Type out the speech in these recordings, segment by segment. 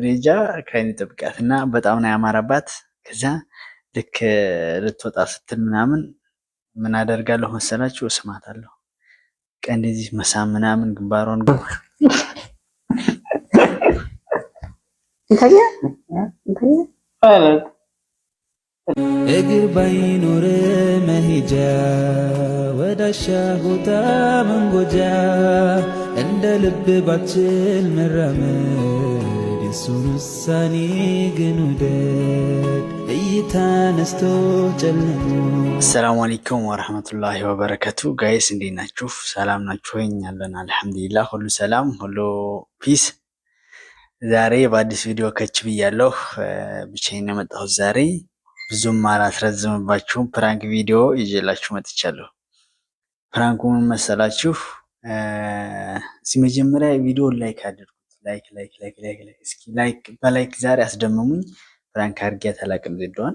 ፍሬጃ ከአይን ይጠብቃት እና በጣም ነው ያማረባት። ከዛ ልክ ልትወጣ ስትል ምናምን ምን አደርጋለሁ መሰላችሁ? እስማታለሁ። ቀን እንደዚህ መሳም ምናምን ግንባሯን እግር ባይኖር መሄጃ ወዳሻ ቦታ መንጎጃ እንደ ልብ ባችል መራመድ የእርሱን ውሳኔ ግን ውደድ እይታ ነስቶ አሰላሙ ወረህመቱላሂ ወበረከቱ። ጋይስ እንዴት ናችሁ? ሰላም ናችሁ? ሆኛለን አልሐምዱሊላ፣ ሁሉ ሰላም፣ ሁሉ ፒስ። ዛሬ በአዲስ ቪዲዮ ከች ብያለሁ። ብቻዬን የመጣሁት ዛሬ ብዙም አላስረዝምባችሁም። ፕራንክ ቪዲዮ ይዤላችሁ መጥቻለሁ። ፕራንኩ ምን መሰላችሁ? መጀመሪያ ቪዲዮ ላይክ አድርጉ ላይክ ላይክ ላይክ ላይክ ላይክ እስኪ ላይክ በላይክ ዛሬ አስደምሙኝ። ፕራንክ አድርጌ አታላቅም። ዜድዋን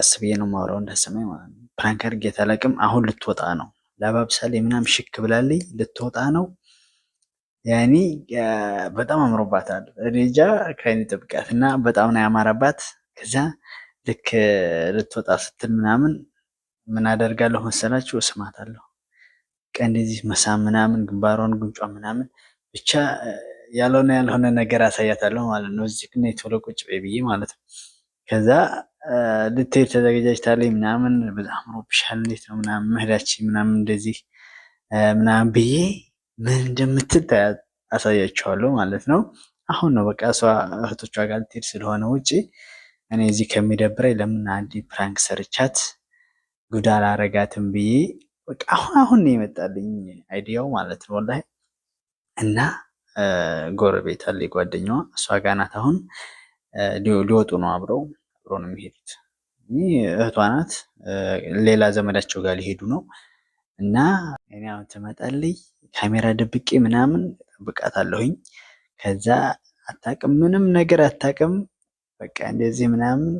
ቀስ ብዬ ነው ማውራው እንዳሰማኝ ማለት ነው። ፕራንክ አድርጌ አታላቅም። አሁን ልትወጣ ነው። ለባብሳሌ ምናም ሽክ ብላለኝ ልትወጣ ነው። ያኔ በጣም አምሮባታል። እኔጃ ከኔ ጥብቃት እና በጣም ነው ያማረባት። ከዛ ልክ ልትወጣ ስትል ምናምን ምን አደርጋለሁ መሰላችሁ? እስማታለሁ ቀን እንደዚህ መሳም ምናምን ግንባሯን ጉንጯ ምናምን ብቻ ያልሆነ ያልሆነ ነገር አሳያታለሁ ማለት ነው። እዚህ ግን የቶሎ ቁጭ በይ ብዬ ማለት ነው። ከዛ ልትሄድ ተዘጋጃጅታለች ምናምን በጣም ሮብሻል፣ እንዴት ነው ምናምን መሄዳችን ምናምን እንደዚህ ምናምን ብዬ ምን እንደምትል አሳያችኋለሁ ማለት ነው። አሁን ነው በቃ እሷ እህቶቿ ጋር ልትሄድ ስለሆነ ውጭ እኔ እዚህ ከሚደብረኝ ለምን አንድ ፕራንክ ሰርቻት ጉዳ አላረጋትም ብዬ አሁን አሁን ነው የመጣልኝ አይዲያው ማለት ነው ወላሂ እና ጎረቤት አለ ጓደኛዋ እሷ ጋር ናት። አሁን ሊወጡ ነው፣ አብረው አብረው ነው የሚሄዱት። ይህ እህቷ ናት፣ ሌላ ዘመዳቸው ጋር ሊሄዱ ነው። እና እኔ አሁን ትመጣልኝ ካሜራ ደብቄ ምናምን ብቃት አለሁኝ። ከዛ አታቅም፣ ምንም ነገር አታቅም። በቃ እንደዚህ ምናምን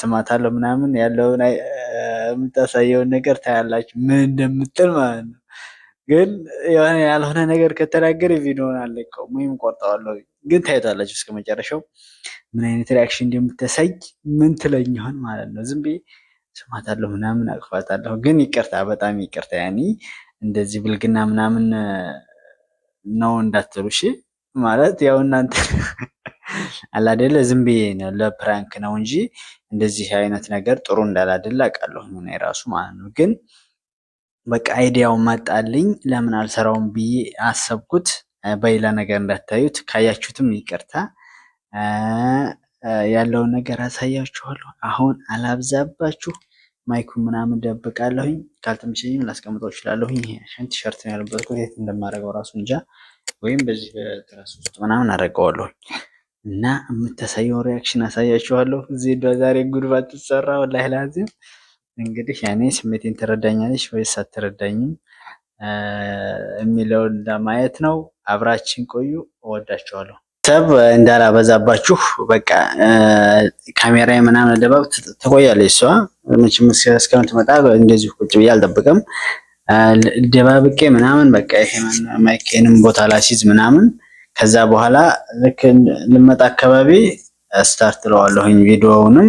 ስማት አለው ምናምን ያለውን የምታሳየውን ነገር ታያላችሁ ምን እንደምትል ማለት ነው። ግን የሆነ ያልሆነ ነገር ከተናገር ቪዲዮን አለቀውም ወይም ቆርጠዋለሁ። ግን ታይቷላችሁ እስከ መጨረሻው ምን አይነት ሪያክሽን እንደምታሳይ ምን ትለኝ ይሆን ማለት ነው። ዝም ብዬ ስማታለሁ ምናምን አቅፋታለሁ። ግን ይቅርታ፣ በጣም ይቅርታ። ያኒ እንደዚህ ብልግና ምናምን ነው እንዳትሉ እሺ። ማለት ያው እናንተ አላደለ ዝም ብዬ ነው ለፕራንክ ነው እንጂ እንደዚህ አይነት ነገር ጥሩ እንዳላደለ አውቃለሁ። ምን የራሱ ማለት ነው ግን በቃ አይዲያው መጣልኝ ለምን አልሰራውም ብዬ አሰብኩት። በሌላ ነገር እንዳታዩት፣ ካያችሁትም ይቅርታ። ያለውን ነገር አሳያችኋለሁ። አሁን አላብዛባችሁ። ማይኩ ምናምን ደብቃለሁኝ። ካልተመቸኝም ላስቀምጠው እችላለሁ። ይሄን ቲሸርት ነው ያለበትኩት። የት እንደማደርገው ራሱ እንጃ፣ ወይም በዚህ በትራስ ውስጥ ምናምን አደርገዋለሁ እና የምታሳየውን ሪያክሽን አሳያችኋለሁ። እዚህ ዛሬ ጉድባት ባትሰራ ወላሂ ላዚም እንግዲህ እኔ ስሜቴን ትረዳኛለች ወይስ አትረዳኝም የሚለውን ለማየት ነው። አብራችን ቆዩ። እወዳቸዋለሁ። ሰብ እንዳላበዛባችሁ በቃ ካሜራ ምናምን ደባብ ትቆያለች። እሷ መቼም እስከምትመጣ እንደዚሁ ቁጭ ብዬ አልጠብቅም። ደባብቄ ምናምን በቃ ማይኬንም ቦታ ላሲዝ ምናምን ከዛ በኋላ ልክ ልመጣ አካባቢ ስታርት ለዋለሁኝ ቪዲዮውንም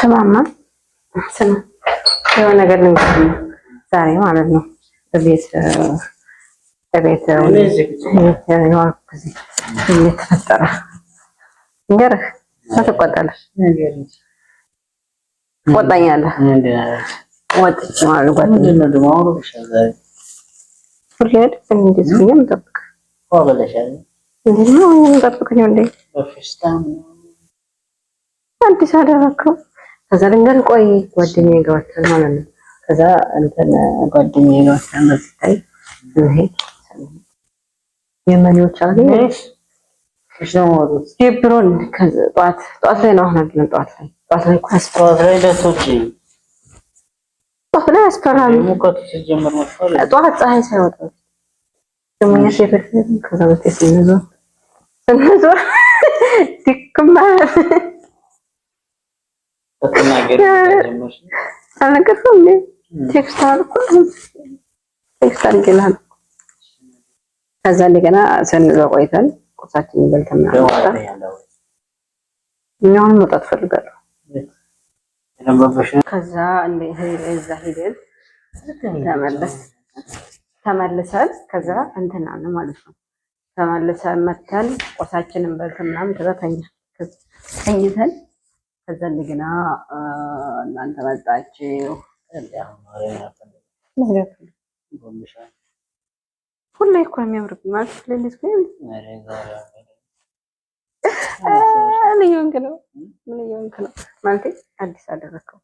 ስማማ ስማ የሆነ ነገር ልንገርህ ዛሬ ማለት ነው ቤት ቤት የተፈጠረ እንገርህ ትቆጣለሽ፣ ወጥቼ ማለት ጓደኛዬ ጋር ወተን ማለት ነው ከዛ እንትን ጓደኛዬ ነው ስለምታይ እዚህ የመሪዎች አገኝ እሺ ነው ኬፕሮን ከዛ ጧት ጧት ላይ ነው አሁን አግኝ ጧት ላይ ጧት ላይ እኮ ጧት ላይ ደቶች ጧት ላይ ያስፈራል ሙቀቱ ሲጀምር መስፈል ጧት ፀሐይ ሳይወጣ ደሞኛ ሴፈርት ከዛ በፊት ስንዞር ስንዞር ድክም ማለት አልነገርኩም እንዴ ቴክስት አልኩ ቴክስት አድርጌልሃል። ከዛ እንደገና ሰንዘ ቆይተን ቁሳችን በልተን እኛውን መውጣት ፈልጋለሁ። ከዛ እዛ ሄደን ተመልሰን ከዛ እንትና ነው ማለት ነው ተመልሰን መተን ቁርሳችንን በልተን ምናምን ከዛ ተኝተን ከዛ እንደገና እናንተ መጣችሁ ሁሌ እኮ የሚያምርብኝ ማለት ሌሊት ምን እየሆንክ ነው? ምን እየሆንክ ነው? ማለቴ አዲስ አደረግከው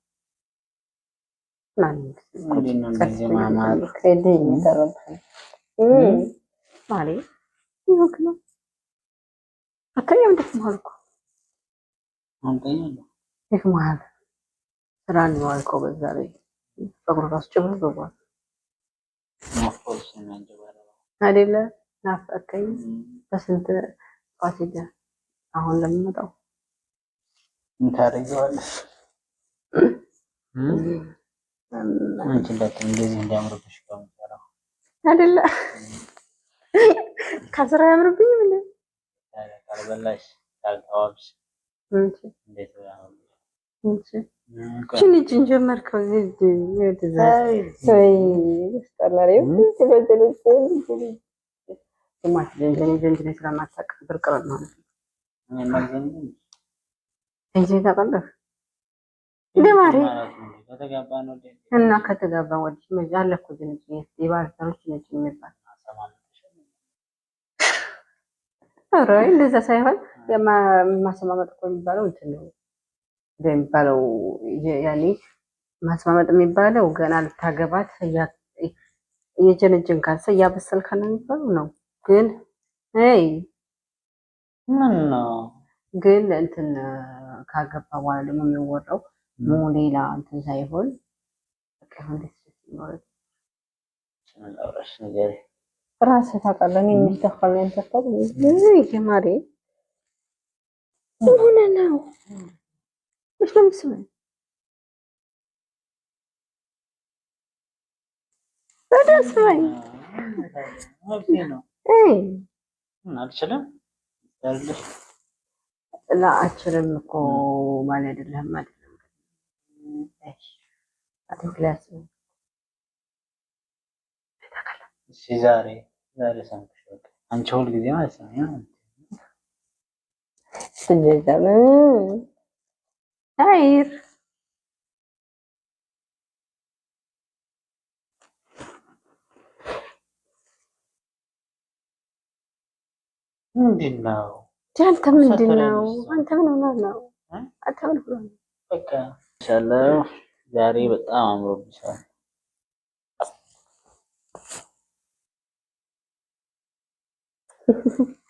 ማለት እየሆንክ ነው። እኮ ስራ በዛ ላይ ጸጉር ራሱ ጭብር ብሏል አይደለ? ናፈቀኝ በስንት ጧት ሄደ። አሁን ለምመጣው እንታደርገዋለሽ አንቺለት እንደዚህ እንዲያምርብሽ አይደለ? ከስራ ያምርብኝ ምን ካልበላሽ ካልተዋብሽ እንዴት ልጅን ጀመርከው እና ከተጋባ ወዲህ ነጭ የሚባል እንደዛ ሳይሆን የማሰማመጥ እኮ የሚባለው እንትን ነው። የሚባለው ያኔ ማስማመጥ የሚባለው ገና ልታገባት የጀነጀን ካልሰ እያበሰልከ ነው የሚባለው ነው። ግን ምን ነው ግን እንትን ካገባ በኋላ ደግሞ የሚወራው ሞ ሌላ እንትን ሳይሆን ራስ ታውቃለህ። የሚደካል ያንተታ ይሄ ማሬ ሆነ ነው Başlamışsın mı? ተደስመኝ አልችልም ላ አችልም እኮ ማለት አይደለም ማለት ነው። ዛሬ ዛሬ ሰምተሽ በቃ አንቺ ሁልጊዜ ማለት ነው عير من دناو انت من دناو انت من هناو انت من هناو بكا ان شاء الله زاري بطعم عمرو بشاء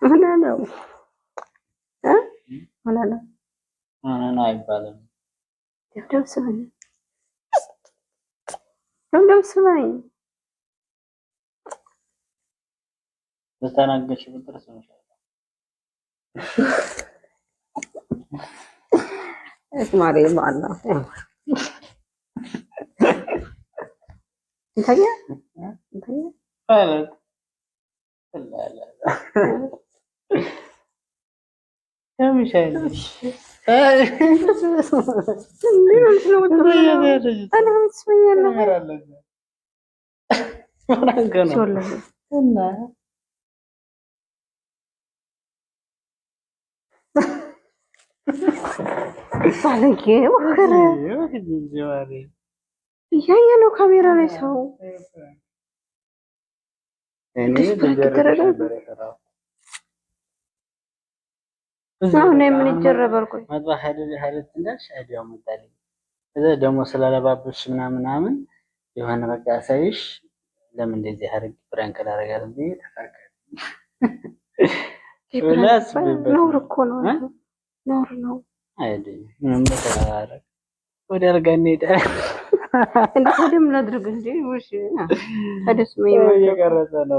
هناو ها هناو አይባልም። ደብደብ ስበኝ፣ ደብደብ ስበኝ። በተናገሽ ቁጥር ስምሻለሁ። እስማሪ ባላ እንተኛ እያየ ነው ካሜራ ላይ ሰው አሁን መጥባ እንዳልሽ አይዲያው መጣልኝ። እዛ ደግሞ ምናምን ምናምን የሆነ በቃ ለምን እንደዚህ አድርግ ብራንክ ነውር እኮ ነው፣ ነውር ነው። ምንም ወደ አልጋ እንሄዳለን። ነው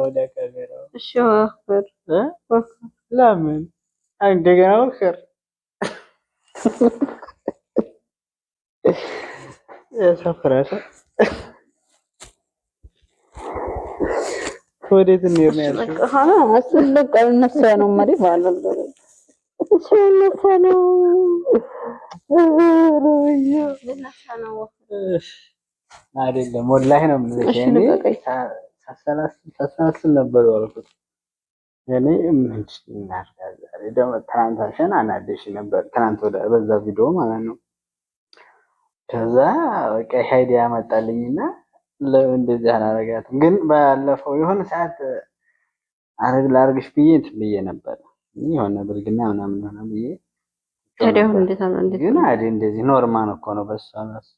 ወደ ካሜራው። እሺ ወፍር ለምን እንደገና ሞክር። ያሳፍራል። ወዴት እንሄድ ነው ያልሽው? አስለቅ አልነሳ ነው መሬት ባለው ልነሳ ነው አይደለም ወላሂ ነው ሳሰላስል ነበር ያልኩት እኔ ምን እናድርጋለን ዛሬ ደግሞ ትናንት አንቺን አናደሽ ነበር፣ ትናንት ወደ በዛ ቪዲዮ ማለት ነው። ከዛ በቃ ሄድ ያመጣልኝ እና ለምን እንደዚህ አላረጋትም? ግን ባለፈው የሆነ ሰዓት አረግ ላርግሽ ብዬ እንትን ብዬ ነበር የሆነ ብልግና ምናምን ሆነ ብዬ ግን አዴ እንደዚህ ኖርማል እኮ ነው። በሷ ራሱ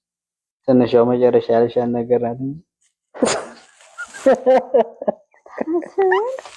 ትንሽ ያው መጨረሻ ያለሻን ነገር አለ እንጂ